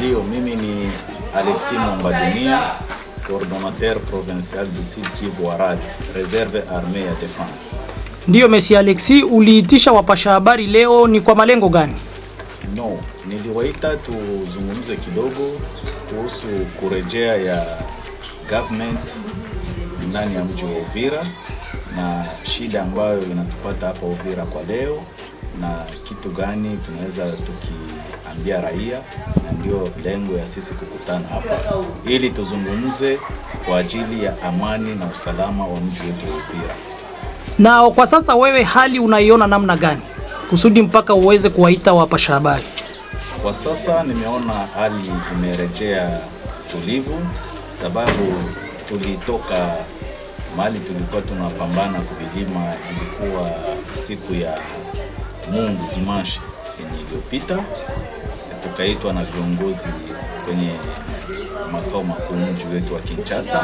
Ndio, mimi ni Alexis Mombadunia, coordonnateur provincial du Sud Kivu Warad, Reserve Armee ya Defense. Ndiyo, Messi alexi uliitisha wapasha habari leo ni kwa malengo gani? No, niliwaita tuzungumze kidogo kuhusu kurejea ya government ndani ya mji wa Uvira na shida ambayo inatupata hapa Uvira kwa leo na kitu gani tunaweza tuki kuambia raia, na ndio lengo ya sisi kukutana hapa ili tuzungumze kwa ajili ya amani na usalama wa mji wetu wa Uvira. Na kwa sasa wewe, hali unaiona namna gani kusudi mpaka uweze kuwaita wapasha habari? Kwa sasa nimeona hali imerejea tulivu, sababu tulitoka mali tulikuwa tunapambana kuvilima, ilikuwa siku ya Mungu dimashi yenye iliyopita tukaitwa na viongozi kwenye makao makuu mji wetu wa Kinshasa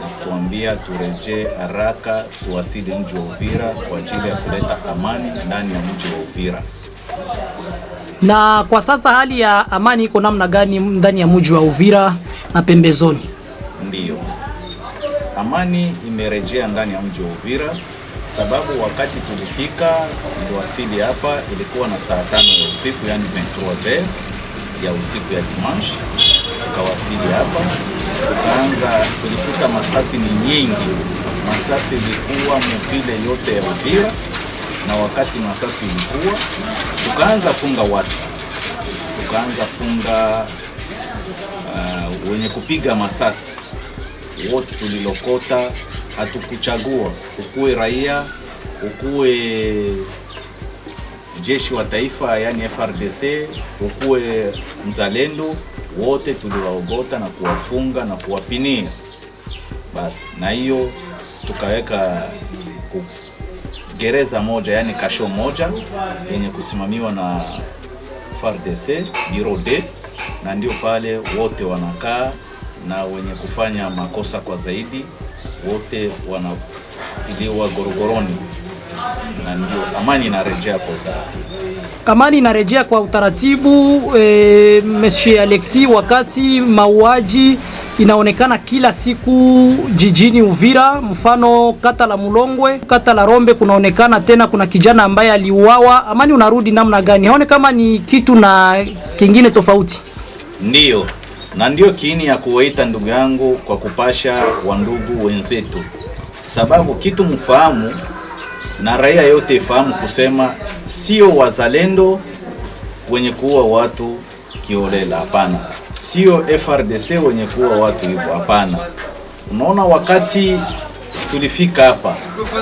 na kutuambia turejee haraka tuwasili mji wa Uvira kwa ajili ya kuleta amani ndani ya mji wa Uvira. Na kwa sasa hali ya amani iko namna gani ndani ya mji wa Uvira na pembezoni? Ndiyo, amani imerejea ndani ya mji wa Uvira sababu wakati tulifika tuliwasili hapa ilikuwa na saa tano ya usiku, yani 23h ya usiku ya dimanche. Tukawasili hapa tukaanza, tulikuta masasi ni nyingi. Masasi ilikuwa muvile yote ya Uvira, na wakati masasi ilikuwa, tukaanza funga watu, tukaanza funga uh, wenye kupiga masasi wote tulilokota hatukuchagua ukuwe raia, ukuwe jeshi wa taifa, yani FRDC, ukuwe mzalendo, wote tuliwaogota na kuwafunga na kuwapinia basi, na hiyo tukaweka gereza moja, yani kasho moja yenye kusimamiwa na frdc biro d na ndio pale wote wanakaa na wenye kufanya makosa kwa zaidi wote wanapiliwa gorogoroni na ndio amani inarejea kwa utaratibu. Amani inarejea kwa utaratibu. E, Monsieur Alexi, wakati mauaji inaonekana kila siku jijini Uvira, mfano kata la Mulongwe, kata la Rombe, kunaonekana tena kuna kijana ambaye aliuawa. Amani unarudi namna gani? Haone kama ni kitu na kingine tofauti, ndiyo na ndio kiini ya kuwaita ndugu yangu kwa kupasha wa ndugu wenzetu, sababu kitu mfahamu na raia yote ifahamu kusema sio wazalendo wenye kuua watu kiolela, hapana. Sio FRDC wenye kuua watu hivyo, hapana. Unaona, wakati tulifika hapa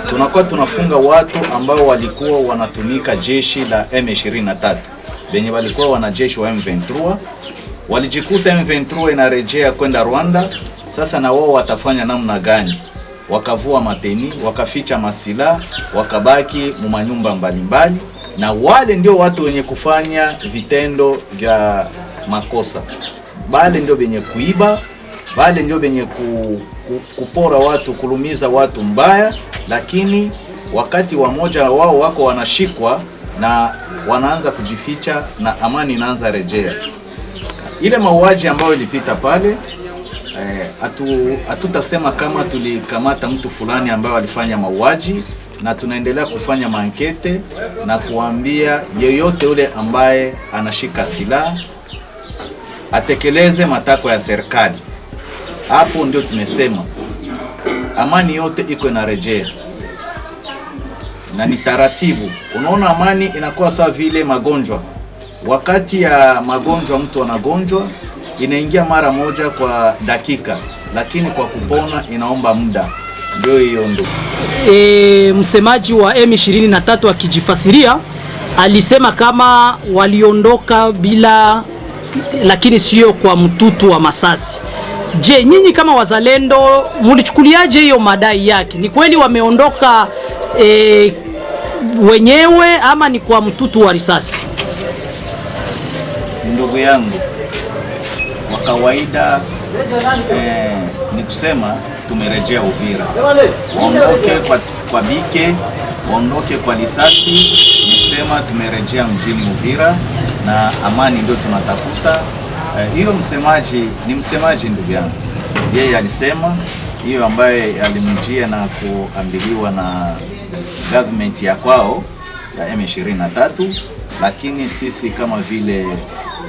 tunakuwa tunafunga watu ambao walikuwa wanatumika jeshi la M23 benye walikuwa wanajeshi wa M23 walijikuta M23 inarejea kwenda Rwanda. Sasa na wao watafanya namna gani? Wakavua mateni, wakaficha masila, wakabaki mumanyumba mbalimbali, na wale ndio watu wenye kufanya vitendo vya makosa, bale ndio benye kuiba, bale ndio benye ku, ku, kupora watu, kulumiza watu mbaya. Lakini wakati wamoja wao wako wanashikwa na wanaanza kujificha na amani inaanza rejea ile mauaji ambayo ilipita pale eh, hatutasema eh, kama tulikamata mtu fulani ambayo alifanya mauaji, na tunaendelea kufanya mankete na kuambia yeyote ule ambaye anashika silaha atekeleze matakwa ya serikali. Hapo ndio tumesema amani yote iko inarejea na ni taratibu. Unaona, amani inakuwa sawa vile magonjwa Wakati ya magonjwa mtu anagonjwa inaingia mara moja kwa dakika, lakini kwa kupona inaomba muda. Ndio hiyo ndo E, msemaji wa M23 akijifasiria alisema kama waliondoka bila, lakini sio kwa mtutu wa masasi. Je, nyinyi kama wazalendo mulichukuliaje hiyo madai yake? Ni kweli wameondoka e, wenyewe ama ni kwa mtutu wa risasi? ndugu yangu kwa kawaida. Eh, ni kusema tumerejea Uvira, waondoke kwa, kwa bike waondoke kwa lisasi, ni kusema tumerejea mjini Uvira na amani ndio tunatafuta eh, hiyo. msemaji ni msemaji ndugu yangu, yeye alisema hiyo ambaye alimjia na kuambiliwa na government ya kwao ya M23, lakini sisi kama vile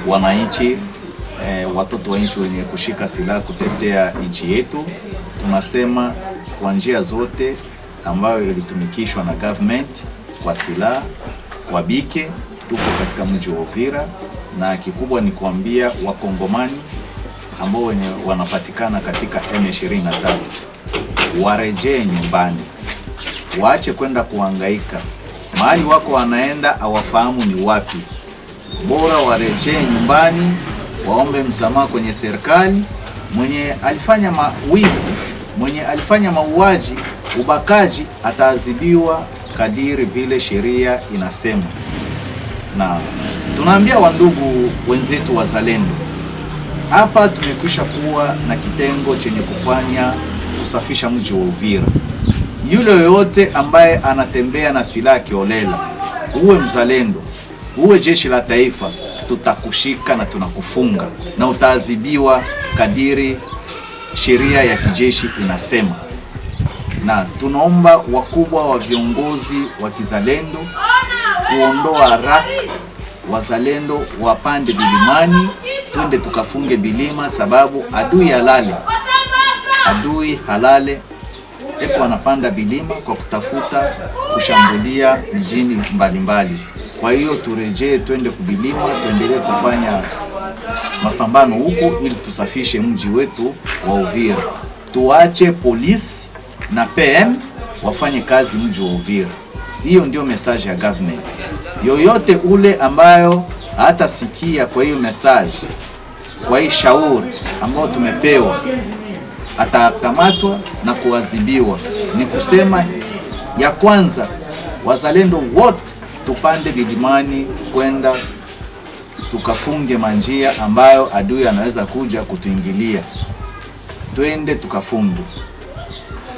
wananchi e, watoto wa nchi wenye kushika silaha kutetea nchi yetu. Tunasema kwa njia zote ambayo ilitumikishwa na government kwa silaha kwa bike, tuko katika mji wa Uvira, na kikubwa ni kuambia wakongomani ambao wenye wanapatikana katika M23 warejee nyumbani, waache kwenda kuhangaika mahali wako wanaenda, awafahamu ni wapi bora warejee nyumbani, waombe msamaha kwenye serikali. Mwenye alifanya mawizi, mwenye alifanya mauaji, ubakaji ataadhibiwa kadiri vile sheria inasema, na tunaambia wandugu wenzetu wazalendo, hapa tumekwisha kuwa na kitengo chenye kufanya kusafisha mji wa Uvira. Yule yoyote ambaye anatembea na silaha kiolela, uwe mzalendo uwe jeshi la taifa, tutakushika na tunakufunga na utaadhibiwa kadiri sheria ya kijeshi inasema. Na tunaomba wakubwa wa viongozi wa kizalendo kuondoa rak wazalendo wapande vilimani, twende tukafunge vilima, sababu adui halale, adui halale eko anapanda vilima kwa kutafuta kushambulia mjini mbalimbali mbali. Kwa hiyo turejee, twende kuvilima, tuendelee kufanya mapambano huko, ili tusafishe mji wetu wa Uvira. Tuache polisi na PM wafanye kazi mji wa Uvira. Hiyo ndio message ya government. Yoyote ule ambayo hatasikia kwa hiyo message, kwa hii shauri ambayo tumepewa, atakamatwa na kuadhibiwa. Ni kusema ya kwanza, wazalendo wote tupande vijimani kwenda tukafunge manjia ambayo adui anaweza kuja kutuingilia, twende tukafunge.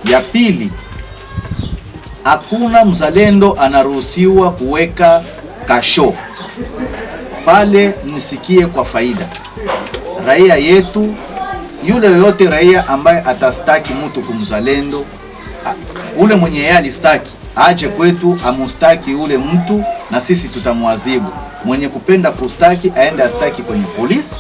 Ya pili, hakuna mzalendo anaruhusiwa kuweka kasho pale, nisikie kwa faida raia yetu. Yule yoyote raia ambaye atastaki mtu kumzalendo, ule mwenye yeye alistaki aache kwetu, amustaki ule mtu na sisi tutamwadhibu. Mwenye kupenda kustaki aende astaki kwenye polisi,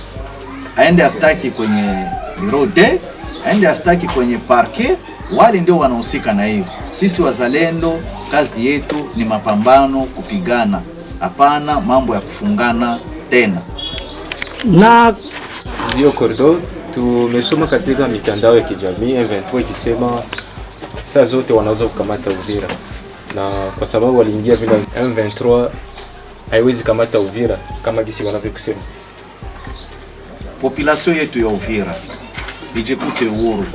aende astaki kwenye bureau de, aende astaki kwenye parke Wale ndio wanahusika na hiyo. Sisi wazalendo, kazi yetu ni mapambano, kupigana, hapana mambo ya kufungana tena. Na hiyo kordo tumesoma katika mitandao ya kijamii M23 ikisema saa zote wanaweza kukamata Uvira na kwa sababu waliingia vile M23 haiwezi kamata Uvira kama gisi wanavyokusema. Population yetu ya Uvira ijikute uhuru.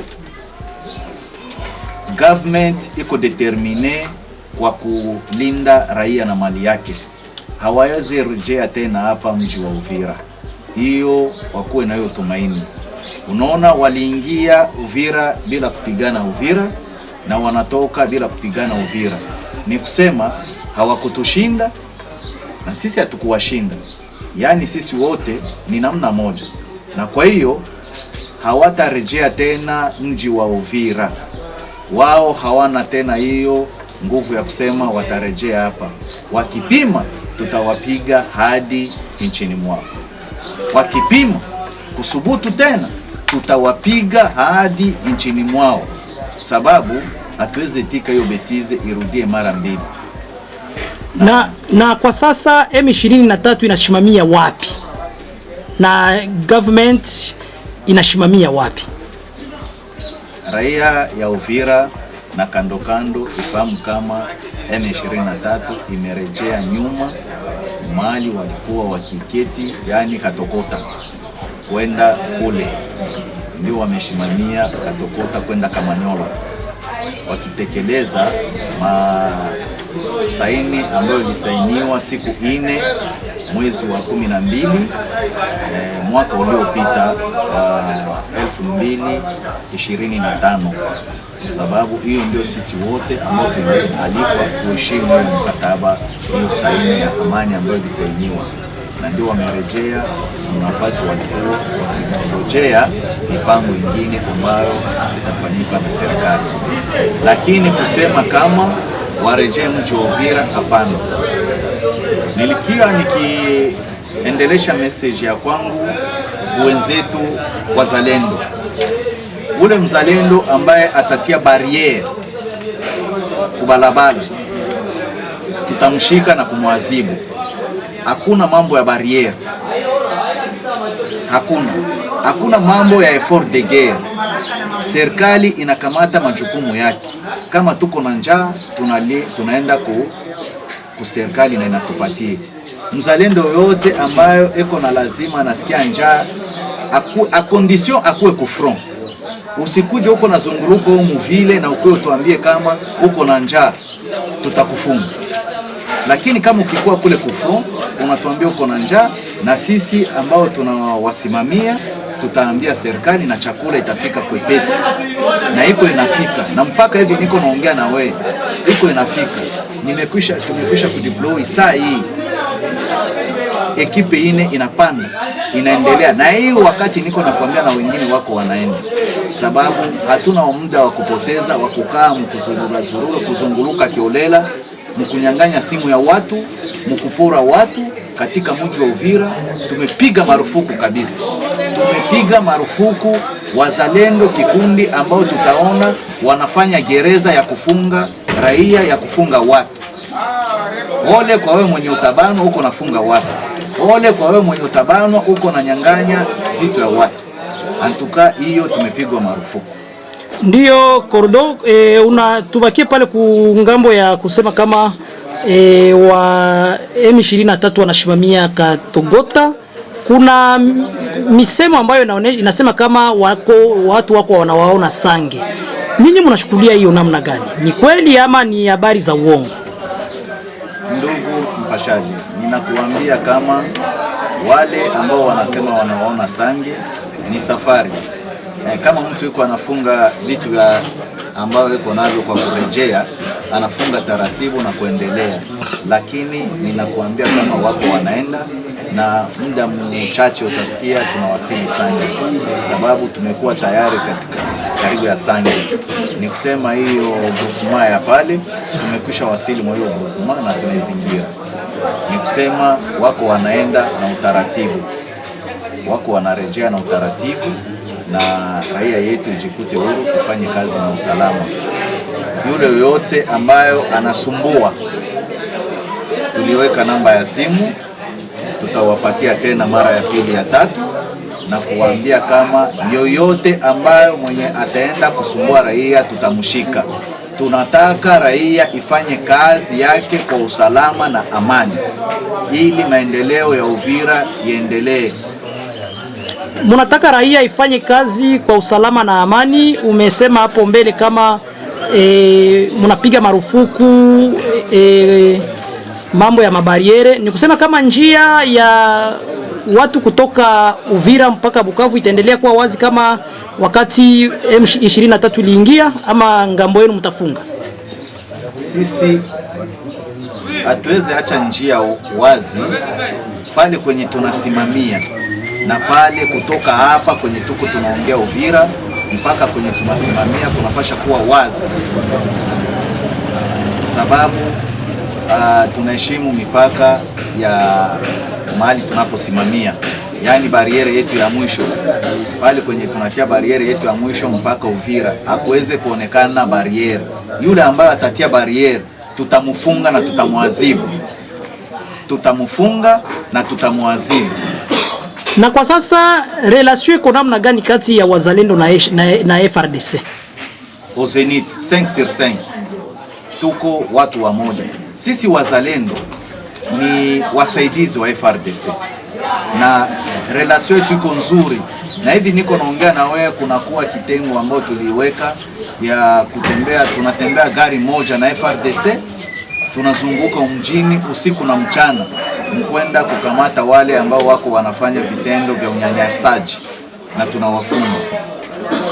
Government iko determine kwa kulinda raia na mali yake, hawawezi rejea tena hapa mji wa Uvira, hiyo wakuwe nayo tumaini. Unaona, waliingia Uvira bila kupigana Uvira na wanatoka bila kupigana Uvira ni kusema hawakutushinda na sisi hatukuwashinda, yaani sisi wote ni namna moja, na kwa hiyo hawatarejea tena mji wa Uvira. Wao hawana tena hiyo nguvu ya kusema watarejea hapa. Wakipima tutawapiga hadi nchini mwao, wakipima kusubutu tena tutawapiga hadi nchini mwao, sababu hatuwezi tika hiyo betize irudie mara mbili. Na, na, na kwa sasa M23 inasimamia wapi na government inasimamia wapi? Raia ya Uvira na kando kando ifahamu kama M23 imerejea nyuma mali walikuwa wakiketi, yani katokota kwenda kule, ndio wameshimamia katokota kwenda Kamanyola wakitekeleza masaini ambayo ilisainiwa siku nne mwezi wa kumi na mbili e, mwaka uliopita wa elfu mbili ishirini na tano kwa sababu hiyo ndio sisi wote ambao tumealikwa kuheshimu mkataba hiyo saini ya amani ambayo ilisainiwa na ndio wamerejea nafasi walikuwa wakingojea mipango ingine ambayo itafanyika na serikali. Lakini kusema kama warejee mji wa Uvira, hapana. Nilikiwa nikiendelesha message ya kwangu wenzetu wazalendo, ule mzalendo ambaye atatia barriere kubalabala tutamshika na kumwazibu hakuna mambo ya barriere, hakuna hakuna mambo ya effort de guerre. Serikali inakamata majukumu yake. Kama tuko na njaa tunali, tunaenda ku, ku serikali na inatupatia. Mzalendo yote ambayo eko na lazima anasikia njaa aku, a condition akuwe ku front. Usikuje uko na zunguruko muvile na ukwe utuambie kama uko na njaa, tutakufunga lakini kama ukikuwa kule kufron unatuambia uko na njaa, na sisi ambao tunawasimamia tutaambia serikali na chakula itafika kwepesi, na iko inafika, na mpaka hivi niko naongea na we iko inafika. Nimekwisha, tumekwisha kudeploy saa hii ekipe ine inapanda inaendelea na hii, wakati niko nakwambia na wengine wako wanaenda, sababu hatuna muda wa kupoteza wa kukaa mkuzurura zurura kuzunguluka kiolela mkunyang'anya simu ya watu, mkupora watu katika mji wa Uvira. Tumepiga marufuku kabisa, tumepiga marufuku wazalendo, kikundi ambao tutaona wanafanya gereza ya kufunga raia, ya kufunga watu. Ole kwa wewe mwenye utabano huko nafunga watu, ole kwa wewe mwenye utabano huko nanyanganya vitu ya watu. Antuka hiyo tumepigwa marufuku. Ndiyo kordo e, eh, una tubakie pale kungambo ya kusema kama e, wa M23 wanashimamia Katogota. Kuna misemo ambayo inaonesha inasema kama wako, watu wako wanawaona Sange. Nyinyi mnashukulia hiyo namna gani? Ni kweli ama ni habari za uongo? Ndugu mpashaji, ninakuambia kama wale ambao wanasema wanawaona Sange ni safari e, kama mtu yuko anafunga vitu vya ambavyo yuko navyo kwa kurejea, anafunga taratibu na kuendelea, lakini ninakuambia kama wako wanaenda na muda mchache utasikia tunawasili Sange, sababu tumekuwa tayari katika karibu ya Sange. Ni kusema hiyo grupuma ya pale tumekwisha wasili mwa hiyo grupuma na tumezingira. Ni kusema wako wanaenda na utaratibu, wako wanarejea na utaratibu na raia yetu ijikute huru, tufanye kazi na usalama. Yule yoyote ambayo anasumbua, tuliweka namba ya simu, tutawapatia tena mara ya pili ya tatu, na kuwaambia kama yoyote ambayo mwenye ataenda kusumbua raia tutamshika. Tunataka raia ifanye kazi yake kwa usalama na amani, ili maendeleo ya Uvira iendelee munataka raia ifanye kazi kwa usalama na amani. Umesema hapo mbele kama e, munapiga marufuku e, mambo ya mabariere. Ni kusema kama njia ya watu kutoka Uvira mpaka Bukavu itaendelea kuwa wazi kama wakati M23 iliingia, ama ngambo yenu mtafunga? Sisi hatuwezi acha njia wazi pale kwenye tunasimamia na pale kutoka hapa kwenye tuko tunaongea Uvira mpaka kwenye tunasimamia kunapasha kuwa wazi, sababu uh, tunaheshimu mipaka ya mahali tunaposimamia, yaani bariere yetu ya mwisho pale kwenye tunatia bariere yetu ya mwisho mpaka Uvira, hakuweze kuonekana bariere. Yule ambaye atatia bariere tutamfunga na tutamwazibu, tutamfunga na tutamwazibu. Na kwa sasa relation iko namna gani kati ya wazalendo na, na, na FRDC? Ozenit 5 sur 5 tuko watu wa moja. Sisi wazalendo ni wasaidizi wa FRDC na relation yetu iko nzuri, na hivi niko naongea na wewe, kunakuwa kitengo ambayo tuliweka ya kutembea, tunatembea gari moja na FRDC, tunazunguka mjini usiku na mchana kwenda kukamata wale ambao wako wanafanya vitendo vya unyanyasaji na tunawafunga.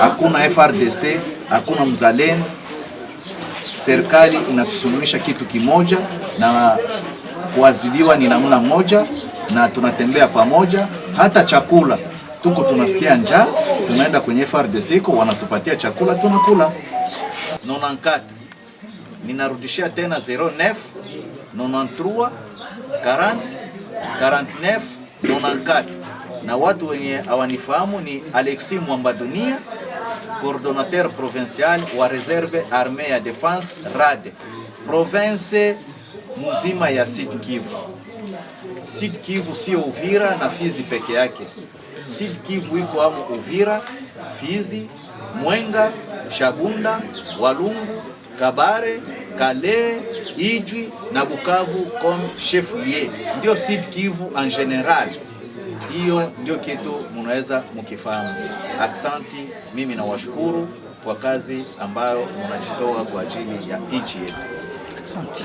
Hakuna FRDC, hakuna mzalendo. Serikali inatusuluhisha kitu kimoja, na kuazidiwa ni namna moja, na tunatembea pamoja. Hata chakula tuko tunasikia njaa, tunaenda kwenye FRDC iko wanatupatia chakula tunakula. nonankata ninarudishia tena 09 93 40 49 94 na watu wenye hawanifahamu ni Alexis Mwamba Dunia, coordonnateur provincial wa reserve armée ya defense RADE province muzima ya Sud Kivu. Sud Kivu sio Uvira na Fizi peke yake. Sud Kivu iko amo Uvira, Fizi, Mwenga, Shabunda, Walungu, Kabare Kale, Ijwi na Bukavu comme chef lieu, ndio Sud Kivu en general. Hiyo ndio kitu munaweza mukifahamu. Aksanti, mimi nawashukuru kwa kazi ambayo mnajitoa kwa ajili ya nchi yetu. Asante.